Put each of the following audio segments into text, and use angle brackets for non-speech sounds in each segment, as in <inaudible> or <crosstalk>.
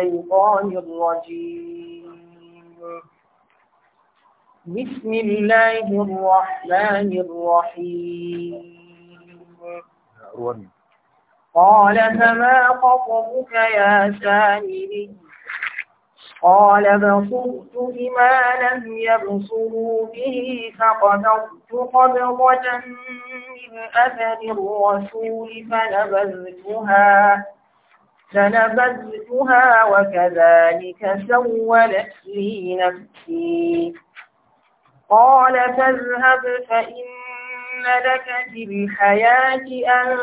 الشيطان الرجيم بسم الله الرحمن الرحيم قال فما خطبك يا سامري قال بصرت بما لم يبصروا به فقدرت قبضة من أثر الرسول فنبذتها فنبذتها وكذلك سولت لي نفسي قال فاذهب فإن لك في الحياة أن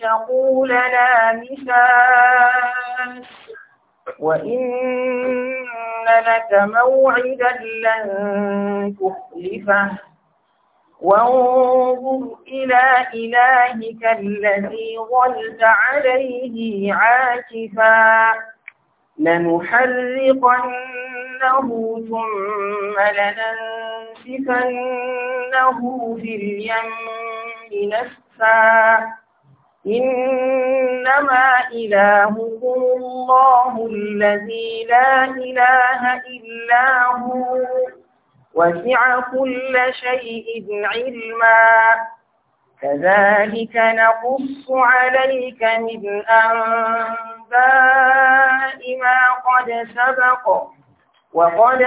تقول لا وإن لك موعدا لن تخلفه وانظر إلى إلهك الذي ظلت عليه عاكفا لنحرقنه ثم لننسفنه في اليم نسفا إنما إلهكم الله الذي لا إله إلا هو وسع كل شيء علما كذلك نقص عليك من أنباء ما قد سبق وقد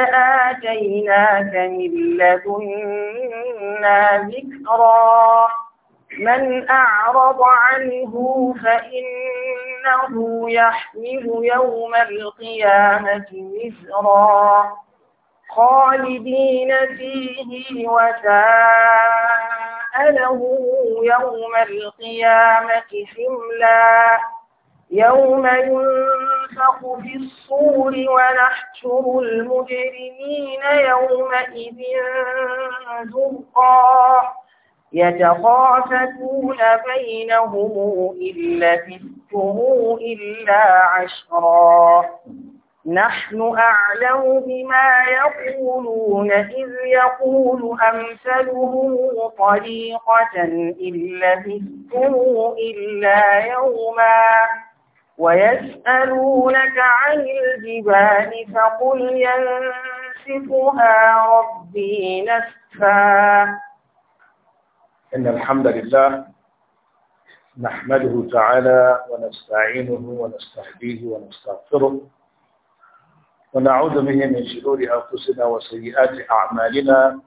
آتيناك من لدنا ذكرا من أعرض عنه فإنه يحمل يوم القيامة مزرا خالدين فيه وساء له يوم القيامة حملا يوم ينفخ في الصور ونحشر المجرمين يومئذ زرقا يتخافتون بينهم إن لبثتم إلا عشرا نحن أعلم بما يقولون إذ يقول أمثلهم طريقة إن لبثتم إلا يوما ويسألونك عن الجبال فقل ينسفها ربي نسفا إن الحمد لله نحمده تعالى ونستعينه ونستهديه ونستغفره ونعوذ به من شرور أنفسنا وسيئات أعمالنا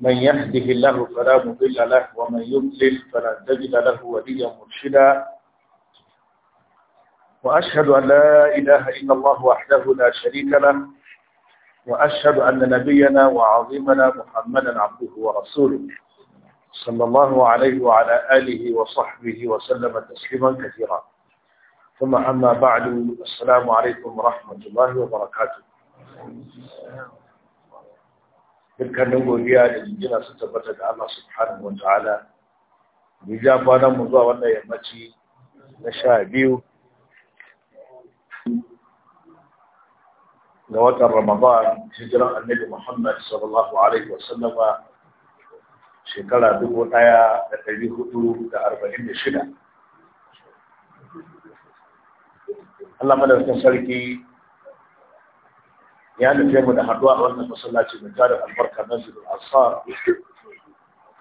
من يهده الله فلا مضل له ومن يضلل فلا تجد له وليا مرشدا وأشهد أن لا إله إلا الله وحده لا شريك له وأشهد أن نبينا وعظيمنا محمدا عبده ورسوله صلى الله عليه وعلى آله وصحبه وسلم تسليما كثيرا ثم أما بعد السلام عليكم ورحمة الله وبركاته تلك النقول يا لجنة ستبتك الله سبحانه وتعالى نجاب وانا مضوى وانا يمتي نشاء بيو نوات رمضان هجرة النبي محمد صلى الله عليه وسلم شكرا دبو نايا نتبه دو دا أربعين Allah madaukakin sarki ya nufe mu da haduwa a wannan masallaci mai tarin albarka na a ansar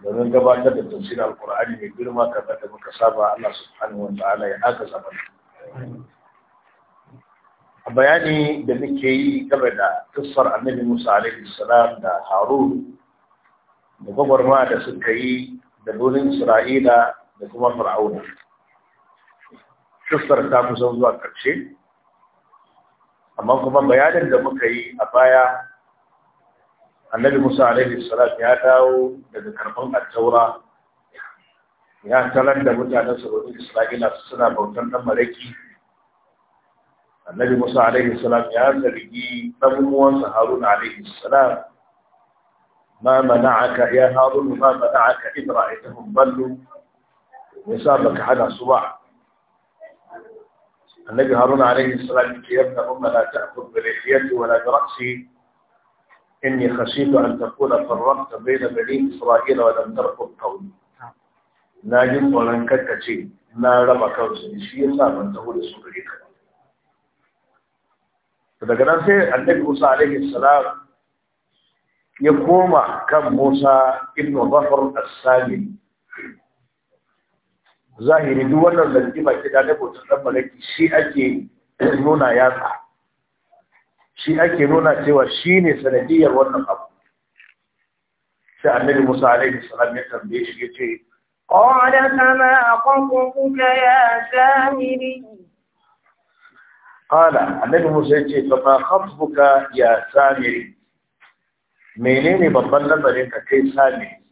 domin gabatar da tafsirin alkur'ani mai girma kamar da muka saba Allah subhanahu wa ta'ala ya aka zaman a bayani da muke yi game da kissar annabi Musa alaihi salam da Harun da gwagwarma da suka yi da donin Isra'ila da kuma Fir'auna kissar ta kusan zuwa ƙarshe amma kuma bayanin da muka yi a baya annabi musa alaihi salatu ya dawo daga karban attaura ya talar da mutanen saboda isra'ila suna bautan dan maraki annabi musa alaihi salam ya zargi dan Haruna harun alaihi salam ma mana'aka ya harun ma mana'aka ibra'itahum ballu yasa baka hada su ba النبي هارون عليه السلام يا ابن أم لا تأخذ بلحيتي ولا برأسي إني خشيت أن تكون فرقت بين بني إسرائيل ولم ترقب قولي ناجم ولن كتكتي na raba kansu da shi ya sa ban taho da su gare ka ba daga nan sai annabi Musa alaihi salam ya koma zahiri duk wannan lalzima gida na bautar dan malaki shi ake nuna yatsa shi ake nuna cewa shi ne sanadiyar wannan abu sai annabi musa alaihi salam ya tambaye shi ya ce قال فما خطبك يا سامري Musa ya ce يقول فما خطبك ya سامري menene babban nazarin ka kai sami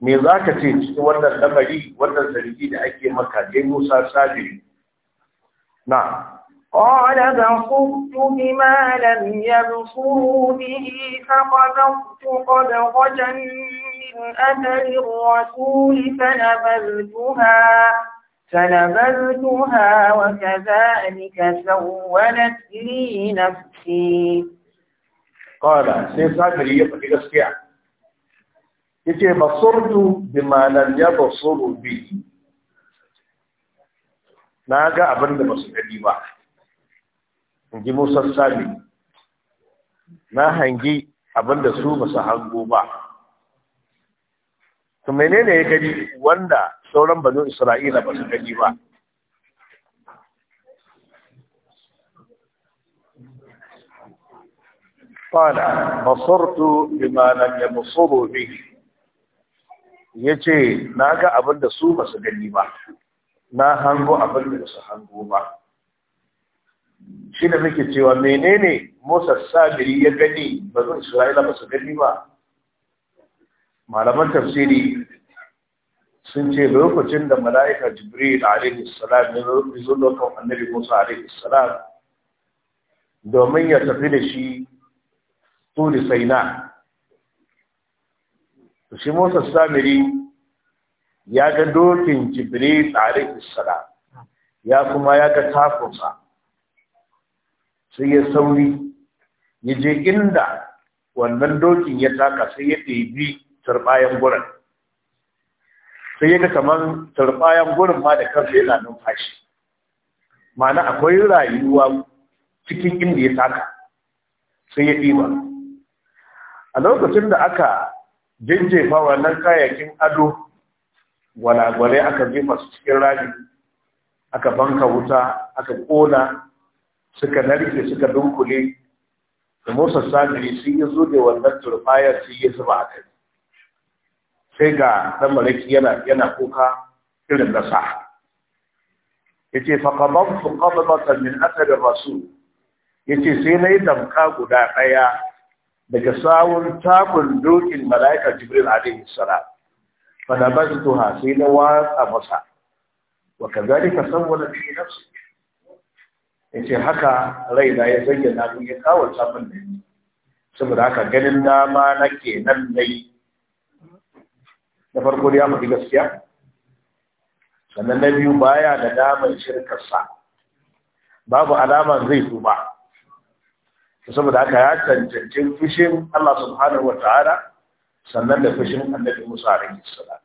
me za ka ce cikin wannan lamari wannan zargi da ake maka da musa sajiri na Ƙọ́lá zanfukutu bí mẹ́lẹ̀m yẹ̀rù fún ìhì kápọ̀dọ̀ fún ọdọ̀ wọ́jẹ́n ní ẹgbẹ̀rẹ̀ wọ́n kúrì tẹ́lẹ̀bẹ̀rẹ̀ tó ha wà kẹzẹ́ ya kẹsẹ̀ wọ́n yace basurdu bima ya yabsuru bi na ga abin da basu gani ba in ji Musa Sabi na hangi abin da su basu hango ba to menene ya gani wanda sauran banu Isra'ila basu gani ba قال بصرت بما لم يبصروا به ya ce na ga abin da su basu gani ba na hango abin da su hango ba shi da muke cewa menene Musa Sabiri ya gani ba zan Isra'ila ba su gani ba malaman tafsiri sun ce lokacin da mala'ika Jibril alaihi salam ya zo lokacin annabi Musa alaihi salam domin ya tafi da shi sai na. shi Musa Samiri ya ga dokin Jibril alaihi salam ya kuma ya ga takunsa sai ya sauri ya je inda wannan dokin ya taka sai ya ɗebi turbayan gurin sai ya ga kamar turbayan gurin ma da kansa yana numfashi mana akwai rayuwa cikin inda ya taka sai ya ɗiba a lokacin da aka jinjefa wannan kayakin ado gwalagwalai aka jefa su cikin rami aka banka wuta aka kona suka narke suka dunkule da musa sadiri shi ya zo da wannan turfaya shi ya zuba a sai ga ɗan malaki yana kuka irin na sa yace fa qabamtu qabdatan min athar rasul yace sai nayi damka guda ɗaya daga sawun tabun dokin mala'ika jibril alaihi salam fa da ha sai na watsa masa wa kazalika sawwala fi nafsi yace haka raina ya na mun ya kawo sabon ne saboda haka ganin dama nake nan dai na farko da ya gaskiya sannan na biyu baya da damar shirkarsa babu alama zai tuba saboda haka ya cancanci fushin Allah subhanahu wata'ala sannan da fushin annabi Musa alaihi salam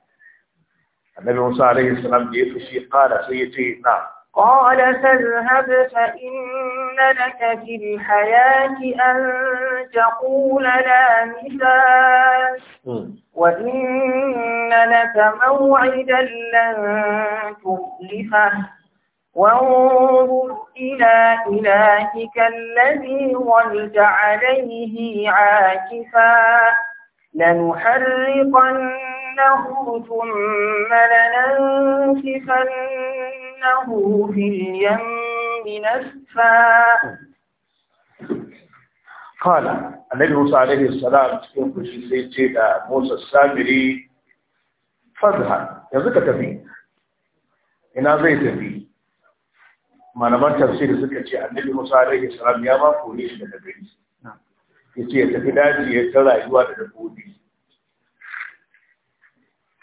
annabi Musa alaihi salam da ya fushi kara sai ya ce na قال فاذهب فإن لك في الحياة أن تقول لا مثال وإن لك موعدا لن تخلفه وانظر إلى إلهك الذي ظلت عليه عاكفا لنحرقنه ثم لننسفنه في اليم نسفا قال النبي موسى عليه السلام يقول في سيدنا موسى السامري فاذهب يا زكا تبي انا زي تبي malaman tafsir suka ce annabi musa alaihi salam ya ba kore shi daga gari ya ce ya tafi daji ya ta rayuwa da dabbobi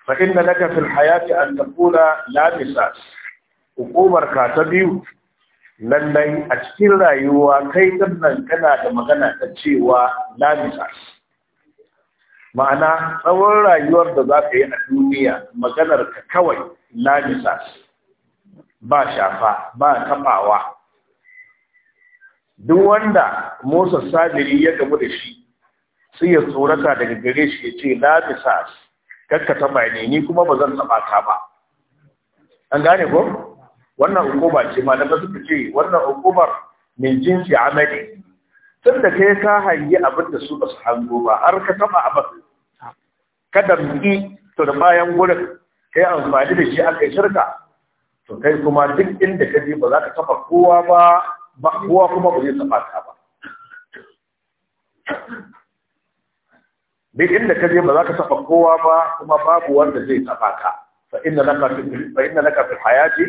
fa inna laka fil hayati an taqula la misas hukumar ka ta biyu lallai a cikin rayuwa kai nan kana da magana ta cewa la misas ma'ana tsawon rayuwar da za ka yi a duniya maganar ka kawai la misas ba shafa ba taɓawa duk wanda Musa Sadiri ya gamu da shi sai ya tsorata daga gare shi ya ce la misas kakka taɓa ne ni kuma ba zan taɓa ta ba an gane ko wannan hukuma ce ma daga suka ce wannan hukumar min jinsi amali tun da kai ka hangi abin da su ba su hango ba har ka taɓa abin kada mu yi turbayan gurin kai amfani da shi aka yi shirka to kai kuma duk inda ka je ba za ka kafa kowa ba kowa kuma ba zai saba ka ba duk inda ka je ba za ka saba kowa ba kuma babu wanda zai saba ka fa inna laka fa inna laka fil hayati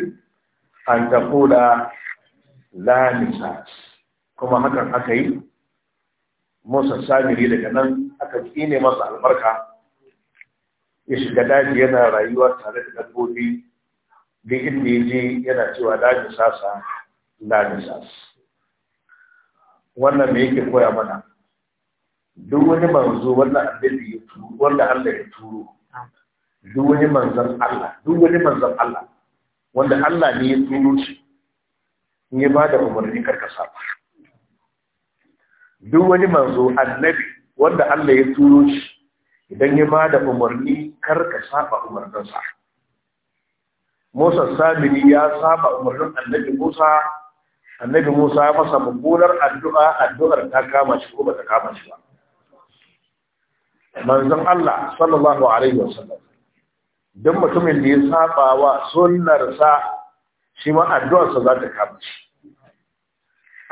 an taqula la nisas kuma hakan aka yi Musa Samiri daga nan aka kine masa albarka ya shiga daji yana rayuwa tare da dabbobi duk inda ya je yana cewa daji sasa daji sasa wannan me yake koya mana duk wani manzo wanda annabi ya turo wanda Allah ya turo duk wani manzon Allah duk wani manzon Allah wanda Allah ne ya turo shi ne ba da umarni karka saba duk wani manzo annabi wanda Allah ya turo shi idan ya da umarni karka saba umarninsa Musa Sabiri ya saba umarnin Annabi Musa Annabi Musa ya masa mummunar addu'a addu'ar ta kama shi ko bata kama shi ba Manzon Allah sallallahu alaihi wasallam dan mutumin da ya saba wa sunnar sa shi ma addu'ar sa za ta kama shi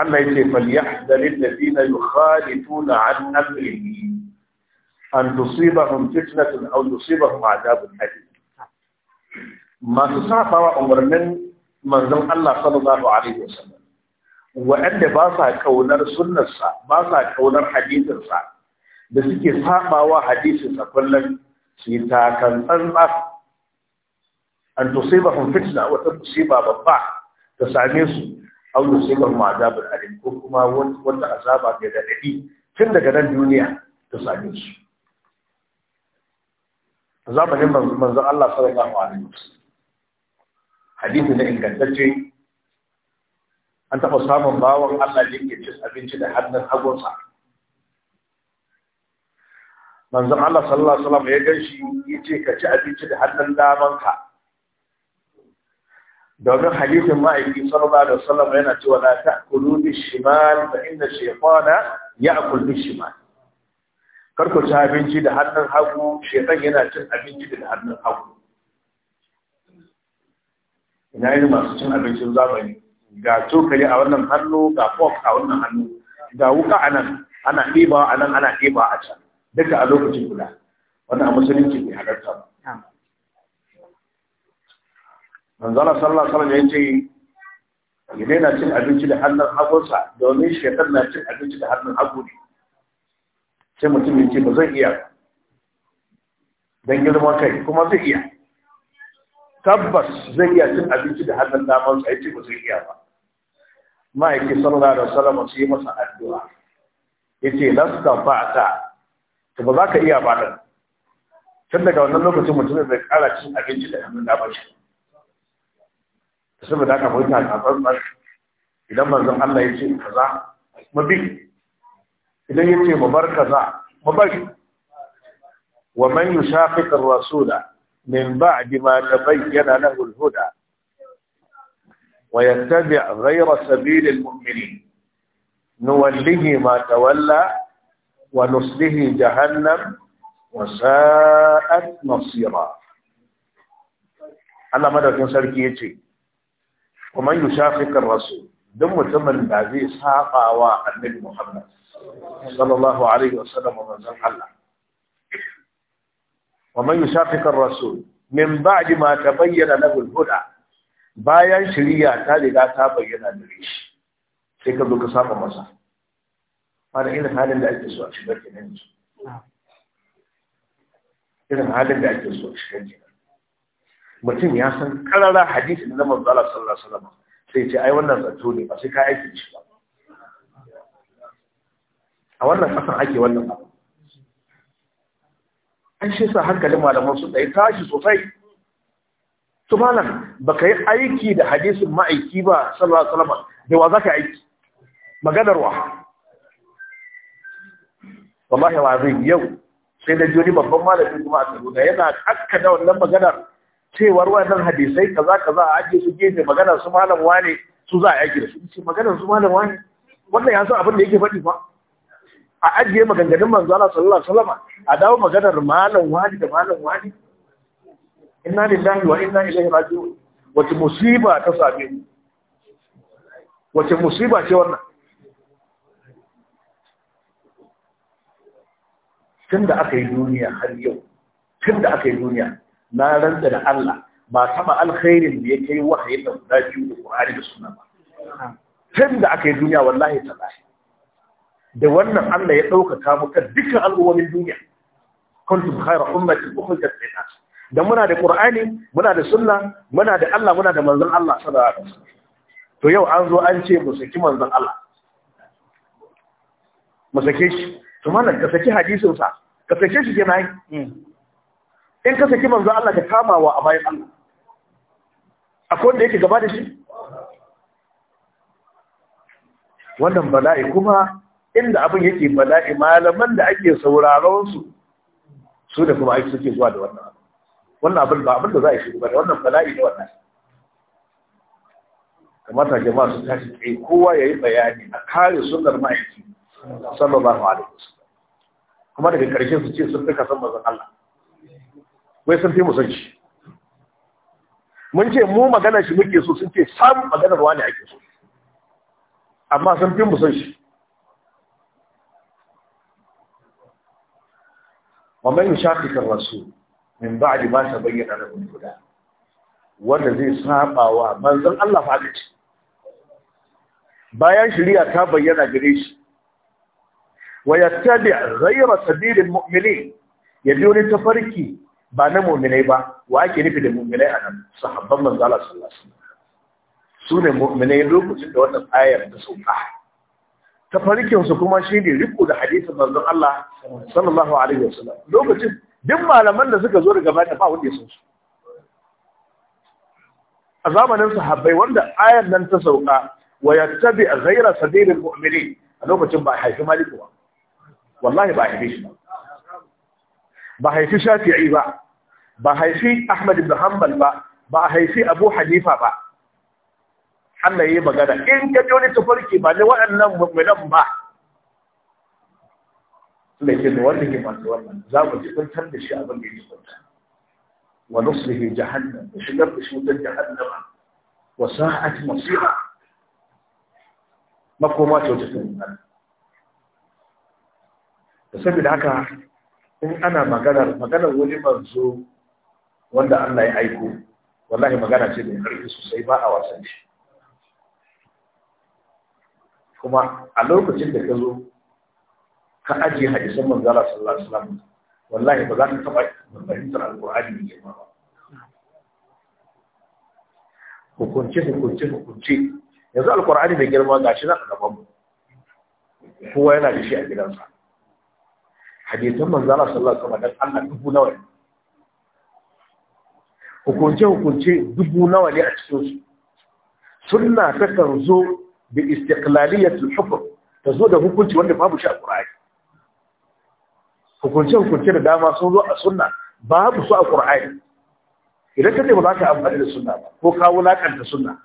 Allah yace falyahdharil ladina yukhalifuna an amrihi an tusibahum fitnatun aw yusibahum adabun alim masu safawa umarnin manzon Allah sallallahu alaihi wasallam waɗanda ba sa kaunar sunnarsa ba sa kaunar hadisinsa da suke sabawa hadisinsa kullum su yi takan tsantsa an tusibahum fitna wata musiba babba ta same su aw yusibahum azabun alim ko kuma wata azaba mai daɗaɗi tun daga nan duniya ta same su zamanin manzon Allah sallallahu alaihi wasallam hadisi na ingantacce an taɓa samun bawan Allah da yake cin abinci da hannun hagunsa manzon Allah sallallahu alaihi wasallam ya ganshi yace ka ci abinci da hannun damanka domin hadisin ma'aiki sallallahu alaihi wasallam yana cewa la ta'kulu bishimal fa inna shaytana ya'kul bishimal kar ku ci abinci da hannun hagu shaytan yana cin abinci da hannun hagu ina yi masu cin abincin zamani ga cokali a wannan hannu ga fok a wannan hannu ga wuka a nan ana ɗiba a nan ana ɗiba a can duka a lokacin guda wannan a musulunci ne halarta ba manzala sallallahu alaihi ya ce ya daina cin abinci da hannun hagunsa domin shekar na cin abinci da hannun hagu ne sai mutum ya ce ba zai iya don girma kai kuma zai iya tabbas zai iya cin abinci da hannun damar sa yace ba zai iya ba ma'aiki sallallahu alaihi wasallam sai masa addu'a yace lasta fa'ata to ba za ka iya ba dan tun daga wannan lokacin mutum zai kara cin abinci da hannun damar sa saboda haka a ta ba idan manzon Allah ya ce kaza mabi idan ya ce za kaza mabari wa man yushaqiq ar-rasula من بعد ما تبين له الهدى ويتبع غير سبيل المؤمنين نوله ما تولى ونصله جهنم وساءت مصيرا Allah madaukin sarki ya ce, "Kuma yi shafiƙar rasu, don mutumin da zai wa annabi Muhammad, sallallahu Alaihi wasallam wa manzan Allah, ومن يشاقق الرسول من بعد ما تبين له الهدى bayan shiriya ta riga ta bayyana gare shi sai ka zo ka saba masa fara ina halin da ake so a shigar kenan irin halin da ake so a shigar kenan mutum ya san karara hadisi na manzo Allah sallallahu sai ce ai wannan zato ne ba sai ka aiki shi ba a wannan ake wannan abu an shi sa hankalin malaman sun ɗai tashi sosai su malam ba ka yi aiki da hadisin ma'aiki ba sallallahu salama da wa za ka aiki Maganarwa. wa wallahi wa zai yau sai da joni babban malamin kuma a da yana da wannan maganar cewar wannan hadisai kaza kaza a ajiye su gefe maganar su malam wane su za a aiki da su ce maganar su malam wane wannan ya san abin da yake faɗi ba a ajiye maganganun manzo Allah sallallahu alaihi wasallam a dawo maganar malam wani da malam wani inna lillahi wa inna ilaihi raji'un wace musiba ta same ni wace musiba ce wannan tun da aka yi duniya har yau tun da aka yi duniya na ranta da Allah ba sama alkhairin da ya kai wahayin da guda biyu da Qur'ani da Sunna ba tun da aka yi duniya wallahi tallahi da wannan Allah ya ɗaukaka muka dukkan al'ummomin duniya kuntum khayra ummatin ukhrijat lin nas da muna da qur'ani muna da sunna muna da Allah muna da manzon Allah sallallahu alaihi wasallam to yau an zo an ce mu saki manzon Allah mu sake shi to malam ka saki hadisin sa ka sake shi kenan in ka saki manzon Allah ka wa a bayan Allah akwai wanda yake gaba da shi wannan bala'i kuma inda abin yake bala'i malaman da ake sauraron su su da kuma aiki suke zuwa da wannan abin. wannan abin ba abin da za a shi ba wannan bala'i ne wannan kamata jama'a su tashi kai kowa ya yi bayani a kare sunnar ma'aiki sallallahu alaihi wasallam kuma daga ƙarshen su ce sun fi kasan mazan Allah wai sun fi mu san shi mun ce mu magana shi muke so sun ce samun maganar wani ake so amma sun fi mu san shi wa man yushaqiqir rasul min ba'di ta bayyana lahu guda huda wanda zai saba wa Allah fa ce bayan shari'a ta bayyana gare shi wa yattabi ghayra sabilil mu'minin ya bi wani tafarki ba na mu'minai ba wa ake nufi da mu'minai a nan sahabban manzo Allah sallallahu alaihi wasallam su ne mu'minai lokacin da wannan ayar ta sauka tafarkinsu kuma shi ne riko da hadisin manzon Allah sallallahu alaihi wasallam lokacin duk malaman da suka zo daga baya ba wanda ya san su a zamanin sahabbai wanda ayar nan ta sauka wa yattabi ghayra sabilil mu'minin a lokacin ba haifi maliku ba wallahi ba haifi shi ba haifi shafi'i ba ba haifi ahmad ibn hanbal ba ba haifi abu hanifa ba Allah ya yi magana in ka ji wani tafarki ba ne waɗannan mummunan ba Allah ya wanda ke masu wannan za mu ji kuntar da shi abin da ya kunta wa nuslihi jahannam da shigar da shi wutar jahannama wa sa'at masira makoma ce wata tunani da saboda haka in ana maganar maganar wani manzo wanda Allah ya aiko wallahi magana ce mai ƙarfi sosai ba a wasan shi kuma a lokacin da ka zo ka ajiye hadisan Manzara sallallahu alaihi wasallam wallahi ba za ka taba fahimtar alqur'ani ne ba hukunce hukunce hukunce yanzu alqur'ani mai girma shi na gaban mu kowa yana da shi a gidansa hadisan Manzara sallallahu alaihi wasallam dan Allah dubu nawa ne hukunce hukunce dubu nawa ne a cikin su sunna ta kan zo bi istiqlaliyatul hukm ta zo da hukunci wanda babu shi a Qur'ani hukunce hukunce da dama sun zo a sunna babu su a Qur'ani idan ka ce ba za ka amfani da sunna ba ko ka wulakanta sunna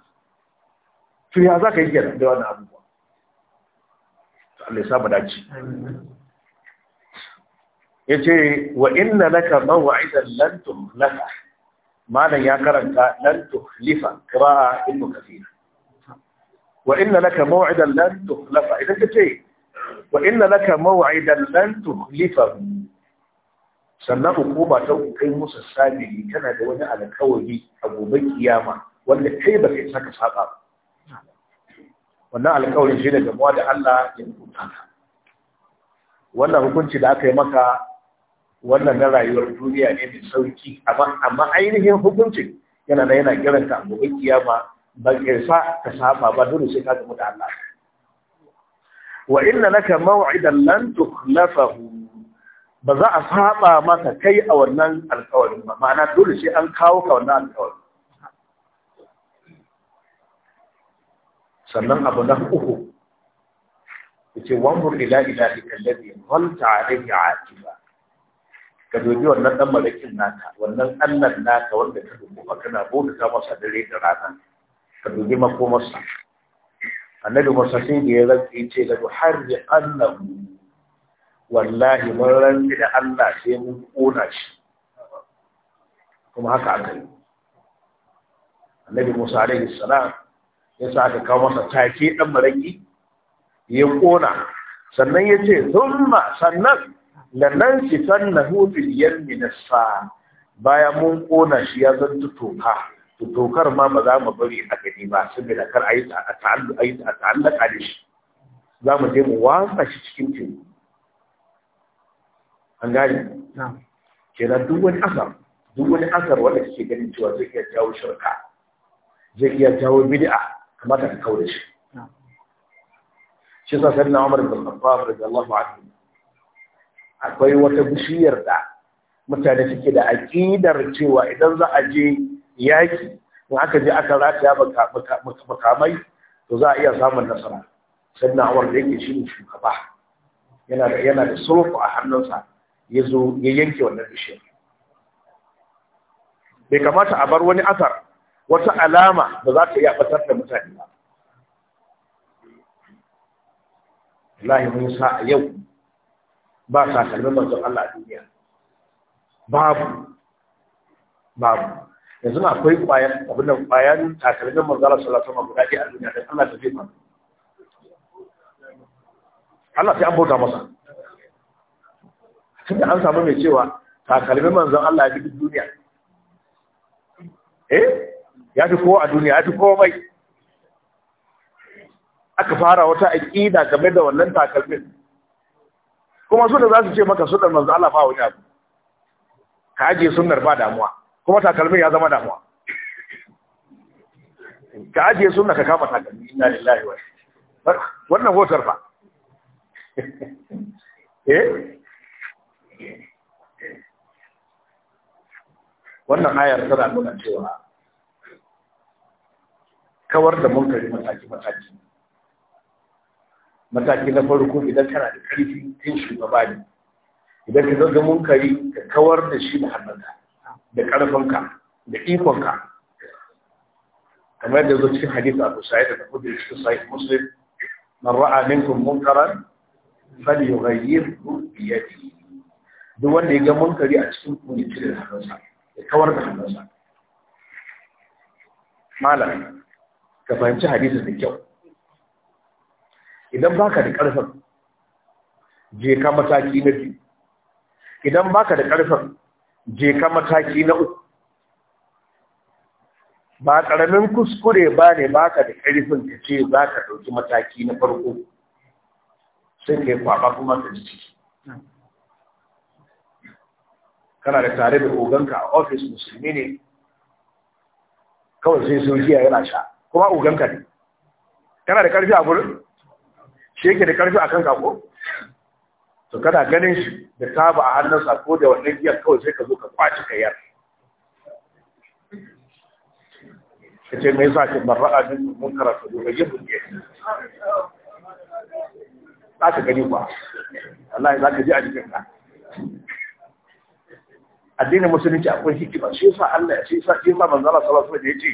to ya za ka yi kenan da wannan abubuwa to Allah ya saba da dace yace wa inna laka maw'idan lan tumlaka malan ya karanta lan tuhlifa qira'a ibn kathir wa inna laka maw'idan lan tukhlafa idan ka ce wa inna laka maw'idan lan tukhlafa sannan hukuma ta kai musu sabili tana da wani alkawari a gobe kiyama wanda kai ba kai saka saba wannan alkawarin shi ne gamuwa da Allah ya hukunta wannan hukunci da aka yi maka wannan na rayuwar duniya ne mai sauki amma ainihin hukuncin yana da yana kiranta a gobe ban isa ka saba ba dole sai ka gamu da Allah wa inna laka maw'idan lan tukhlafahu ba za a saba maka kai a wannan alƙawarin ba ma'ana dole sai an kawo ka wannan alƙawarin sannan abu na uku yace wanzur ila ilahika alladhi zalta alayhi aqiba ka dubi wannan dan malakin naka wannan annan naka wanda ka dubo kana ta masa dare da rana ka dubi makomarsa annabi musa sai da ya zai ce da har da annabu wallahi mun rantsi da Allah sai mun kona shi kuma haka aka yi annabi musa alaihi salam ya sa aka kawo masa take dan maraki ya kona sannan ya ce zumma sannan lannan shi na hufin yalmi na sa bayan mun kona shi ya zanta toka dokar ma ba za mu bari a gani ba saboda kar a yi a ta'allaka da shi za mu je mu watsa shi cikin teku an gani kenan duk wani asar duk wani asar wanda kake ganin cewa zai iya jawo shirka zai iya jawo bid'a kamata ka kawo da shi shi sasar na Umar bin Khattab radiyallahu anhu akwai wata bishiyar da mutane suke da aqidar cewa idan za a je yaki in aka je aka rataya makamai to za a iya samun nasara sai na awar da yake shi ne shugaba yana da yana da sulhu a hannunsa ya zo ya yanke wannan bishiyar bai kamata a bar wani asar wata alama da za ta iya batar da mutane ba Allah mun sa a yau ba sa kalmar manzon Allah a duniya babu babu yanzu na akwai kwayan abin da kwayan takalmin manzala sallallahu alaihi guda ɗaya a duniya dan Allah ta fi ma Allah sai an bauta masa tunda an samu mai cewa takalmin manzon Allah ya fi duniya eh ya fi kowa a duniya ya fi kowa mai aka fara wata aƙida game da wannan takalmin kuma su da za su ce maka sunan manzon Allah ba wani abu ka ajiye sunar ba damuwa kuma takalmin ya zama damuwa ka ajiye suna ka kama takalmi ina lillahi wa wannan hotar ba <laughs> eh wannan ayar tana nuna cewa kawar da munkari mataki mataki mataki na farko idan kana da karfi kin shugaba ne idan ka ga munkari ka kawar da shi da hannunka da ƙarfinka da ikonka kamar da zo cikin hadisi Abu Sa'id da Khudri cikin Sahih Muslim man ra'a minkum munkaran falyughayyirhu bi yadihi duk wanda ya ga munkari a cikin ku ya cire hannunsa ya kawar da hannunsa malam ka fahimci hadisi da kyau idan baka da ƙarfin je ka mataki na biyu idan baka da ƙarfin je ka mataki na uku ba ƙaramin kuskure ba ne ba ka da ƙarfin ka ce za ka ɗauki mataki na farko sai ka yi kwaɓa kuma ka ji ciki kana da tare da oganka a ofis musulmi ne kawai sai sojiya yana sha kuma oganka ne kana da ƙarfi a gurin shi yake da ƙarfi a kan kako to kana ganin shi da taba a hannunsa ko da wannan giyar kawai sai ka zo ka kwaci ka yar ka ce mai sa ce marra'a din mun karatu, da ka yi buɗe za ka gani ba wallahi za ka ji a jikin ka addinin musulunci akwai hikima shi yasa Allah ya shi yasa shi yasa manzo Allah sallallahu alaihi wasallam ya ce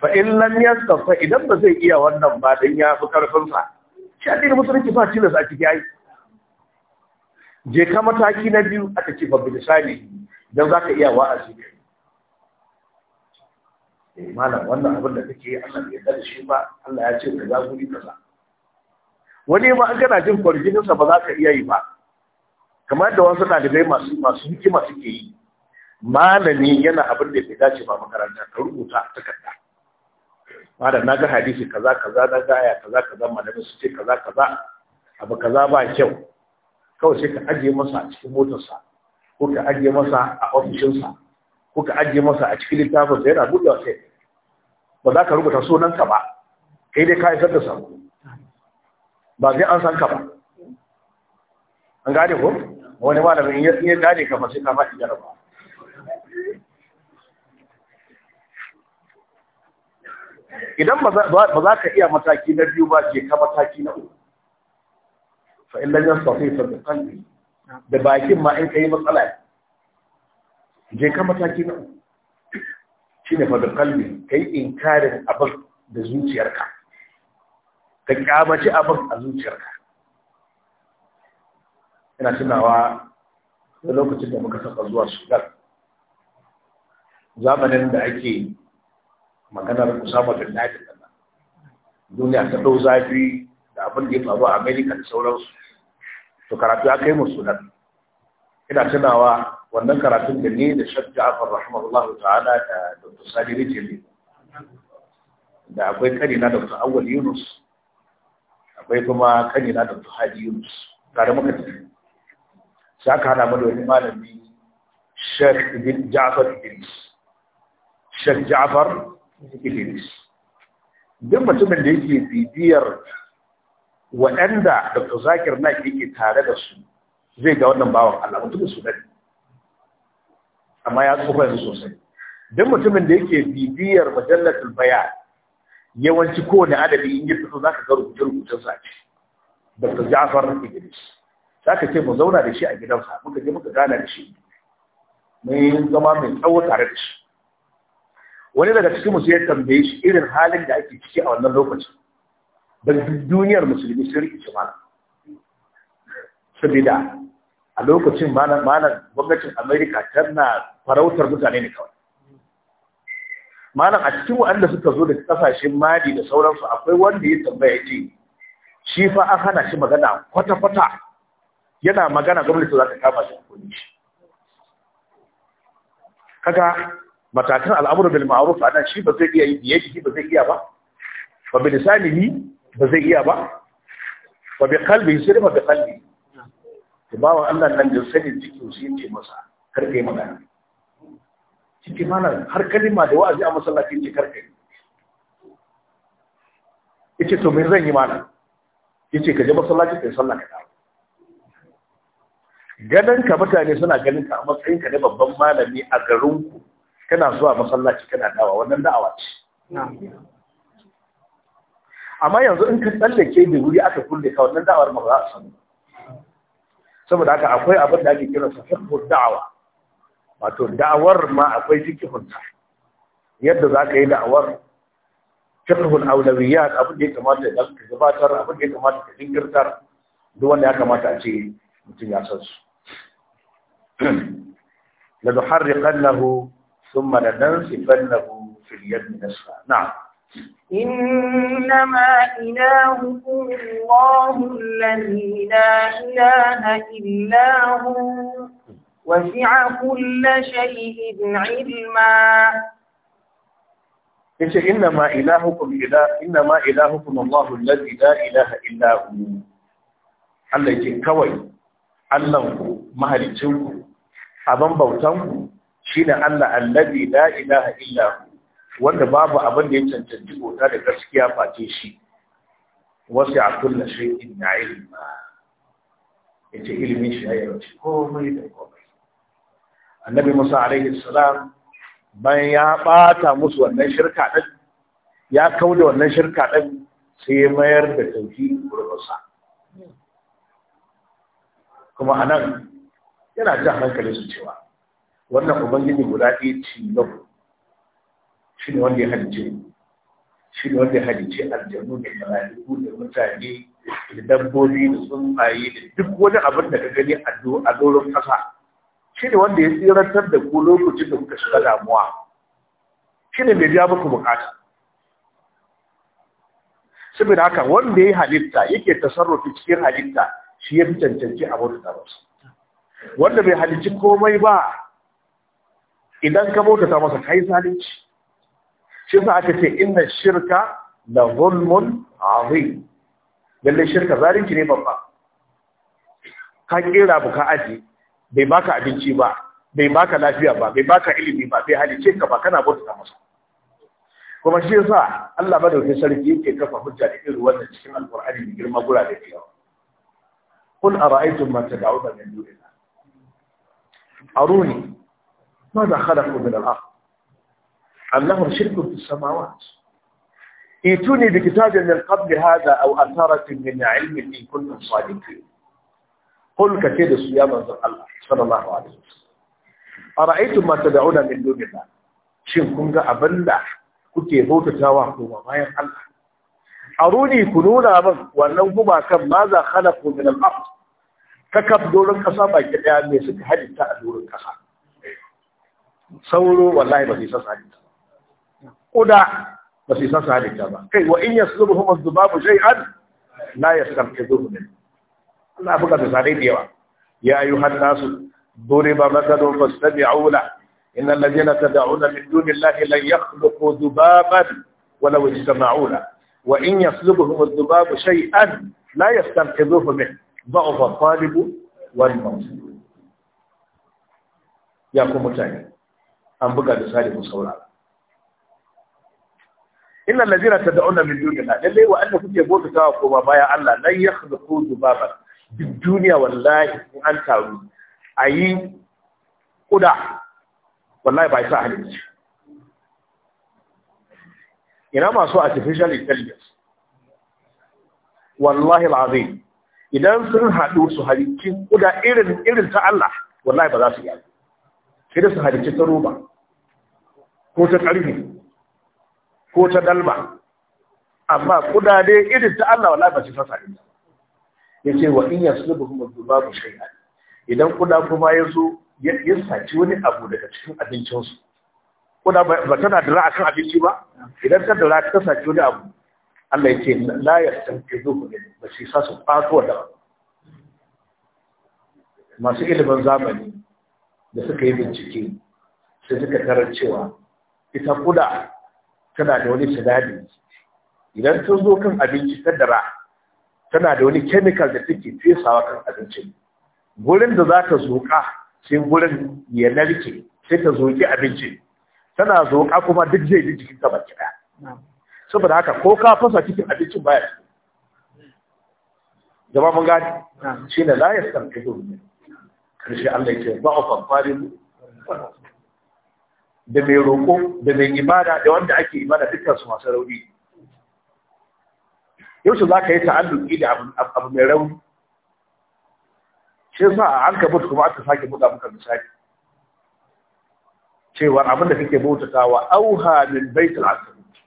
fa in lam yastafa idan ba zai iya wannan ba dan ya fi karfin sa shi addinin musulunci ba tilas a cikin ayi je ka mataki na biyu aka ce babu misali don za ka iya wa'azi kai eh malam wannan abin da kake yi Allah bai da shi ba Allah ya ce ka za guri kaza wani ma an gana jin kwarjinin sa ba za ka iya yi ba kamar da wasu dalibai masu masu hikima suke yi malami yana abin da bai dace ba makaranta ka rubuta a takarda malam na ga hadisi kaza kaza na ga aya kaza kaza malami su ce kaza kaza abu kaza ba kyau kawai sai ka ajiye masa a cikin motarsa ko ka ajiye masa a ofishinsa ko ka ajiye masa a cikin littafinsa yana buɗewa sai ba za ka rubuta sunanka ba kai dai ka yi da sa ba zai an san ka ba an gane ko wani malamin in ya gane ka ba sai ka faɗi jarabawa idan ba za ka iya mataki na biyu ba ke ka mataki na uku fa in lam yastafi da bakin ma in ka yi matsala je ka mataki na shi ne fa ka qalbi kai inkarin abin da zuciyarka ka kyamaci abin a zuciyarka Yana tunawa da lokacin da muka saba zuwa sudan zamanin da ake maganar Usama da Laden duniya ta dau zafi da abin da ya faru a Amerika da sauransu to karatu ya kai musu nan ina tunawa wannan karatun da ne da shaf ja'afar rahimahullah ta'ala da dr sadi rijimi da akwai na dr awwal yunus akwai kuma na dr hadi yunus tare muka tafi sai aka hada mu da wani malami Sheikh Ibn Ja'far Idris Sheikh Ja'far Idris duk mutumin da yake bibiyar waɗanda Dr. Zakir na yake tare da su zai ga wannan bawan Allah mutumin su dade amma ya tsufa yanzu sosai duk mutumin da yake bibiyar majallatul bayan yawanci kowane adadi in yi fito zaka ga rubuce rubucen sa ce Dr. Ja'far Idris zaka ce mu zauna da shi a gidansa muka je muka gana da shi mun zama mai tsawo tare da shi wani daga cikin mu sai ya tambaye shi irin halin da ake ciki a wannan lokacin bar duniyar musulmi sun rikice malam saboda a lokacin malam malam gwamnatin amerika tana farautar mutane ne kawai malam a cikin waɗanda suka zo da kasashen madi da sauransu akwai wanda ya tambaya ce shi fa an hana shi magana kwata-kwata yana magana gwamnati za ta kama shi kuɗi shi kaga matakan al'amuran bil ma'ruf anan shi ba zai iya yi ba zai iya ba fa bi lisanihi ba zai iya ba ba bi kalbi sai ba bi kalbi to wa Allah nan da sani jikin shi ce masa kar kai magana cikin mana har kalima da wa'azi a masallacin ce kar kai yace to me zan yi mana yace ka je masallaci kai sallah ka dawo ka mutane suna ganin ka a matsayin ka na babban malami a garin ku kana zuwa masallaci kana dawa wannan da'awa ce amma yanzu in ka tsallake da wuri aka kulle ka wannan da'awar ma za a samu saboda haka akwai abin da ake kira sahihu da'awa wato da'awar ma akwai fiqhun ta yadda za ka yi da'awar fiqhul awlawiyat abin da ya kamata da ka gabatar abin da ya kamata ka jinkirtar duk wanda ya kamata a ce mutum ya san su <clears throat> la nuharriqannahu thumma lanansifannahu fil yad min asfa na'am إنما إلهكم الله الذي لا إله إلا هو وسع كل شيء علما yace inna ma ilahukum ilah inna ma ilahukum Allahu allazi la ilaha illa hu kawai Allahn ku mahalicin ku aban shine Allah allazi la ilaha wanda babu abin da ya cancanci bauta da gaskiya face shi wasu ya kulla in na ilima ya ce ilimin shi ya yarci komai da komai annabi musa alaihi salam bayan ya bata musu wannan shirka ɗin ya kau da wannan shirka ɗin sai ya mayar da tauki gurbinsa kuma a nan yana jan hankali su cewa wannan ubangiji guda ɗaya ci na shine ne wanda ya halice shine wanda ya halice aljanu da malaiku da mutane da dabbobi da tsuntsaye da duk wani abin da ka gani a doron ƙasa shine ne wanda ya tsirantar da ku lokacin da kuka shiga damuwa shine ne mai biya muku bukata saboda haka wanda ya yi halitta yake tasarrufi cikin halitta shi ya fi cancanci a wata tabbas wanda bai halicci komai ba idan ka bauta ta masa kai zalunci shi yasa aka ce inna shirka la zulmun azim lalle shirka zalunci ne babba ka kira buka aji bai baka abinci ba bai baka lafiya ba bai baka ilimi ba bai halice ka ba kana bauta masa kuma shi yasa Allah wani sarki yake kafa hujja da irin wannan cikin alqur'ani da girma gura da kun ara'aytum ma tad'una min dunillah aruni ma أروني khalaqu min al الأرض أنهم شرك في السماوات ائتوني بكتاب من قبل هذا da أثارة من علم إن كنتم صادقين قل كثير يا منظر الله صلى الله عليه وسلم أرأيتم ما تدعون من shin kun ga abinda kuke bautatawa kuma bayan Allah aruni ku nuna min wannan guba kan maza khalaqu min al-ard kakab doron kasa baki daya me suka halitta a doron kasa sauro wallahi ba zai san halitta kuda ba su isa su halitta ba kai wa in yaslubuhum adh-dhubabu shay'an la yastanqidhuhu min Allah buga da sare da yawa ya ayyuhan nasu duriba mathalun fastami'u la innal ladhina tad'una min dunillahi lan yakhluqu dhubaban ولو اجتمعوا له Wa يسلبهم الذباب شيئا hukumar zuba منه shai an? والمطلوب ya kuma mutane an buga da salihu saurara innal ladina tad'una min dunillah lalle wa anna kuke bautawa ko ba baya. Allah lan yakhluqu dubaba duk duniya wallahi in an taru ayi kuda wallahi ba isa halinci ina masu artificial intelligence wallahi alazim idan sun haɗu su halicci kuda irin irin ta Allah wallahi ba za su yi sai da su halicci ta roba ko ta ƙarfi ko ta dalma amma kudade irin ta Allah wala ba ci fasa ya ce wa in yaslubuhum adh-dhubabu shay'an idan kuda kuma ya zo ya saci wani abu daga cikin abincinsu kuda ba tana dira kan abinci ba idan ta dira ta saci wani abu Allah ya ce la yastanqidhuhu ba shi sa su fato da masu ilimin zamani da suka yi bincike sai suka tarar cewa ita kuda tana da wani sinadari idan sun zo kan abinci ta dara tana da wani chemical da take fesawa kan abincin gurin da za ta zoƙa sai gurin ya narke sai ta zoƙi abincin tana zoƙa kuma duk zai ji jikin ta baki ɗaya saboda haka ko ka fasa cikin abincin baya zama mun gani shi ne la ya sarki domin karshe Allah ya ce ba ku fafari mu da mai roƙo da mai ibada da wanda ake ibada dukkan su masu rauni yau za ka yi ta'alluki da abu mai rauni shi sa a an kabut kuma aka sake buga muka misali cewa abin da kake bautatawa auha min baitul aqdis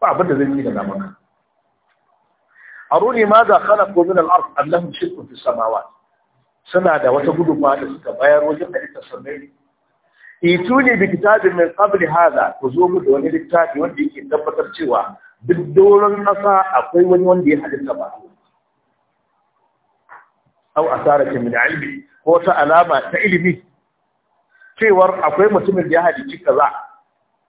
ba abin da zan yi da namaka aruni ma da khalaqu min al-ard am lahum fi samawat suna da wata gudunma da suka bayar wajen da ita sanai ituni bi kitabin min qabl hadha ku zo mu da wani littafi wanda yake tabbatar cewa duk doron kasa akwai wani wanda ya halitta ba aw asaratin min ilmi ko ta alama ta ilimi cewar akwai mutumin da ya halicci kaza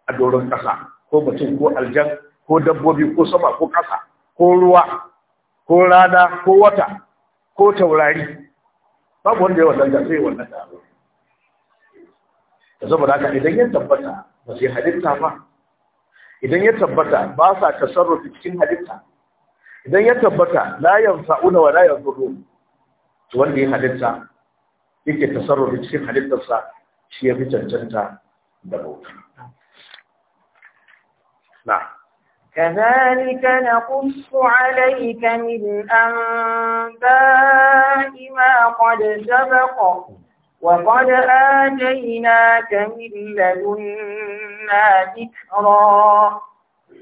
a doron kasa ko mutum ko aljan ko dabbobi ko sama ko kasa ko ruwa ko rana ko wata ko taurari babu wanda ya wannan sai wannan da saboda haka idan ya tabbata ba su yi halitta ba idan ya tabbata ba sa tasarrufi cikin halitta idan ya tabbata la yanfa'una wa la yadurru to wanda ya halitta yake tasarrufi cikin halittarsa shi ya fi cancanta da bauta na كذلك نقص عليك من أنباء ما قد سبق وقد آتيناك من لدنا ذكرا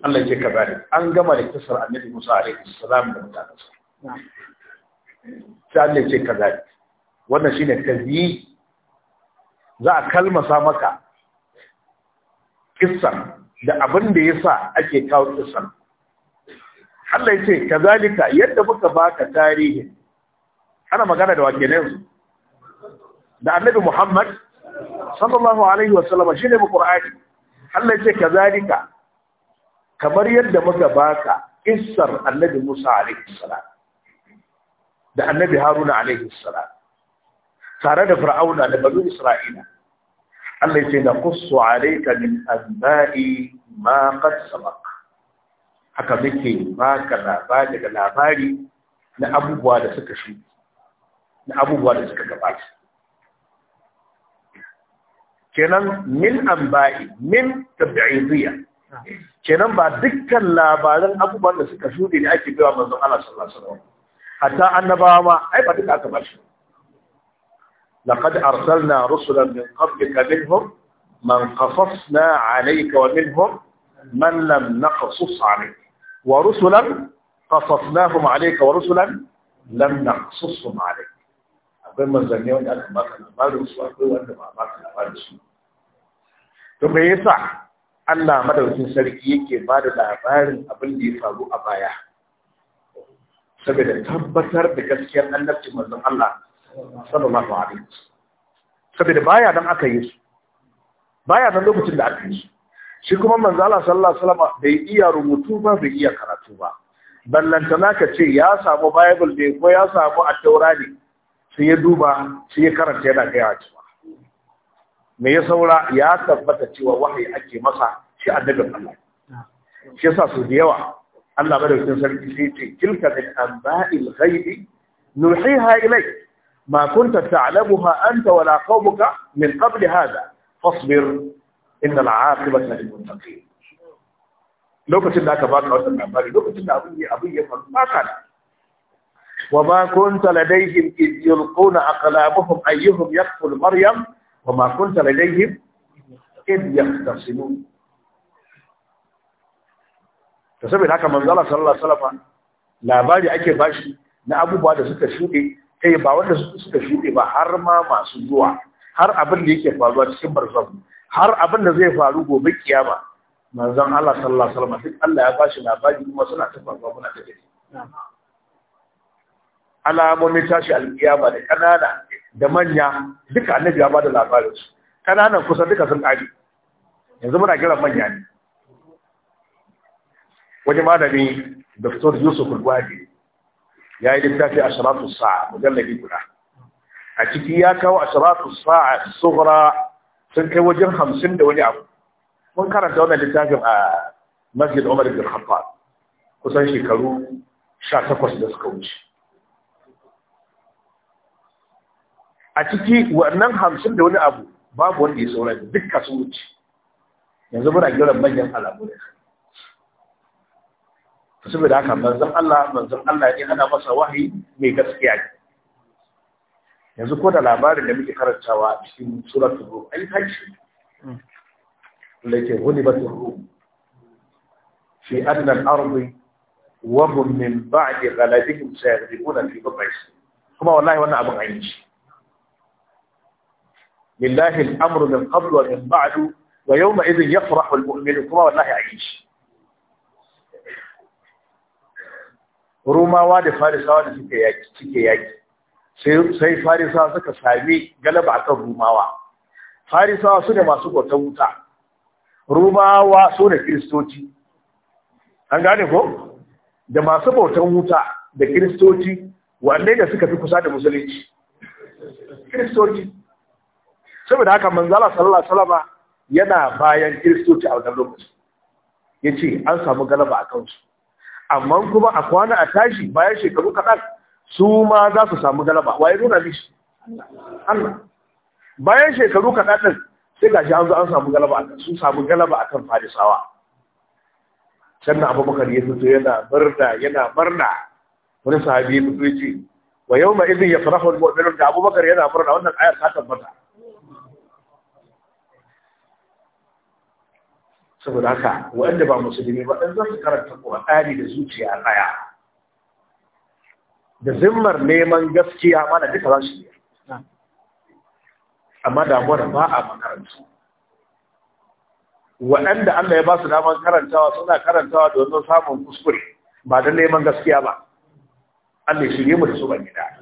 Allah ya ce ka bari an gama da kisar عليه Musa لم salam da mutanensa sai Allah ya ce ka bari wannan shine tazi za kalmasa maka da abin da yasa ake kawo kisan. Allah ya ce kazalika yadda muka baka tarihin. ana magana da wakilansu da annabi Muhammad sallallahu alaihi wa wasallam shine Qur'ani Allah ya ce kazalika kamar yadda muka baka kissar annabi Musa alaihi salam da annabi Haruna alaihi salam tare da Fir'auna da bazu Isra'ila Allah ya ce na qussu alayka min anba'i ma qad sabaq haka muke baka labari daga labari na abubuwa da suka shi na abubuwa da suka gabata kenan min amba'i min tab'idiyya kenan ba dukkan labaran abubuwan da suka shuɗe ne ake biya manzon Allah sallallahu alaihi wasallam hatta annabawa ma ai ba duka aka bashi laqad arsalna rusulan min qablika minhum man qasasna alayka wa minhum man lam naqsus alayka wa rusulan qasasnahum alayka wa rusulan lam naqsusum alayka akwai manzanni wanda aka baka labarin su akwai wanda ba baka labarin su to me yasa Allah madaukin sarki yake ba da labarin abin da ya faru a baya saboda tabbatar da gaskiyar annabci manzon Allah sallallahu alaihi wasallam saboda baya dan aka yi su baya dan lokacin da aka yi su shi kuma manzo Allah sallallahu alaihi wasallam bai iya rubutu ba bai iya karatu ba ballantana ka ce ya samu bible ne ko ya samu at ne sai ya duba sai ya karanta yana gaya wa cewa me ya saura ya tabbata cewa wahayi ake masa shi annabin Allah shi yasa su da yawa Allah madaukakin sarki sai ce tilka min anba'il ghaibi nuhiha ilayk ma kunta ta'lamuha anta wala qaumuka min qabl hada fasbir inna al'aqibata lil muttaqin lokacin da aka baka wannan labari lokacin da abin ya abin ya faru baka وما كنت لديهم إذ يلقون أقلامهم أيهم يقفل مريم وما كنت لديهم إذ يختصمون saboda لك من sallallahu صلى الله labari ake bashi na abubuwa da suka shuɗe kai ba wanda suka shuɗe ba har ma masu zuwa har abin da yake faruwa cikin barzan har abin da zai faru gobe kiyama manzon Allah sallallahu alaihi wasallam duk Allah ya bashi labari kuma suna ta muna ta alamomin tashi alkiyama da kanana da manya duka annabi ya bada labarin su kananan kusan duka sun kare yanzu muna kiran manya ne wani malami dr yusuf gwadi ya yi littafi a sharatu sa'a mujallabi guda a ciki ya kawo a sharatu sa'a sughra sun kai wajen hamsin da wani abu mun karanta wannan littafin a masjid umar bin khattab kusan shekaru sha takwas da suka wuce a ciki wannan hamsin da wani abu babu wanda ya saurari dukka sun wuce yanzu muna kiran manyan alamu ne saboda haka manzon Allah manzon Allah ya ana masa wahayi mai gaskiya ne yanzu ko da labarin da muke karantawa a cikin suratul rum yi haji lake hulibatul rum fi adna al-ardi wa hum min ba'di ghalabihim sayaghibuna fi bu'is kuma wallahi wannan abin ayi lillahi al'amru min qablu wa min ba'du wa yawma idhin yafrahu al-mu'minu kuma wallahi aishi Rumawa da Farisawa da suke yaki sai Farisawa suka sami galaba akan Rumawa Farisawa su ne masu bautar wuta Rumawa su ne Kiristoci an gane ko da masu bautar wuta da Kiristoci wanne da suka fi kusa da musulunci Kiristoci saboda haka manzala sallallahu alaihi wasallam yana bayan kiristoci a wannan lokaci yace an samu galaba a kansu amma kuma a kwana a tashi bayan shekaru kaɗan su ma za su samu galaba waye nuna mishi Allah bayan shekaru kaɗan din sai gashi an zo an samu galaba akan su samu galaba akan farisawa sannan abubakar ya fito yana murna yana barna wani sahabi ya fito ya ce wa yau ma izin ya farafa wani mu'minin da abubakar yana barna wannan ayar ta tabbata saboda haka waɗanda ba musulmi ba ɗan zan karanta ƙur'ani da zuciya ɗaya da zimmar neman gaskiya mana duka za su yi amma damuwar ba a makarantu waɗanda Allah ya ba su damar karantawa suna karantawa domin samun kuskure ba da neman gaskiya ba Allah ya shirye mu da su ban gida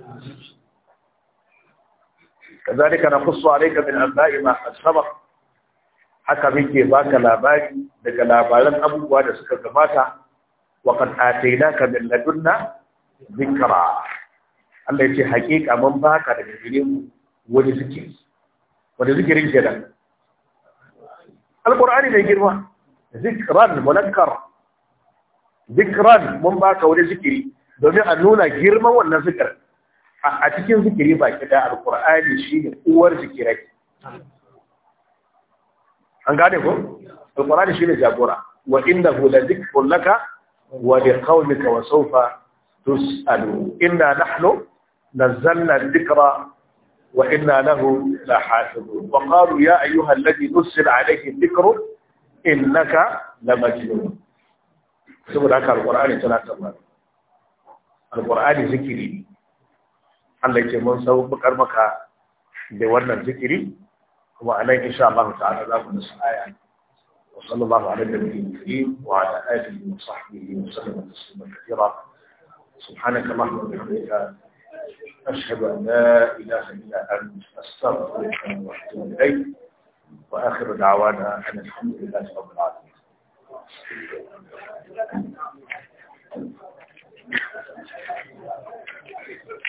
kazalika na kusu alaika min anba'i ma sabaq haka muke baka labari daga labaran abubuwa da suka gabata wa qad ka min ladunna zikra Allah yace hakika mun baka daga gare mu wani zikiri wani zikirin kenan alqur'ani mai girma zikran munakkar zikran mun baka wani zikiri domin a nuna girman wannan zikirin a cikin zikiri baki da alqur'ani shine uwar zikirai an gane ko alqur'ani shine jagora wa innahu la dhikrun laka wa liqaumika wa sawfa tus'alu inna nahnu nazzalna dhikra wa inna lahu lahafizun wa qalu ya ayyuha alladhi nusila alayhi dhikru innaka lamajnun saboda haka alqur'ani tana tabbata alqur'ani zikiri Allah ya ce mun saukar maka da wannan zikiri وعليك ان شاء الله تعالى ta'ala za آية. وصلى الله على النبي الكريم وعلى آله وصحبه وسلم تسليما كثيرا سبحانك اللهم وبحمدك أشهد أن لا إله إلا أنت أستغفرك وأتوب إليك وآخر دعوانا أن الحمد لله رب العالمين Thank you.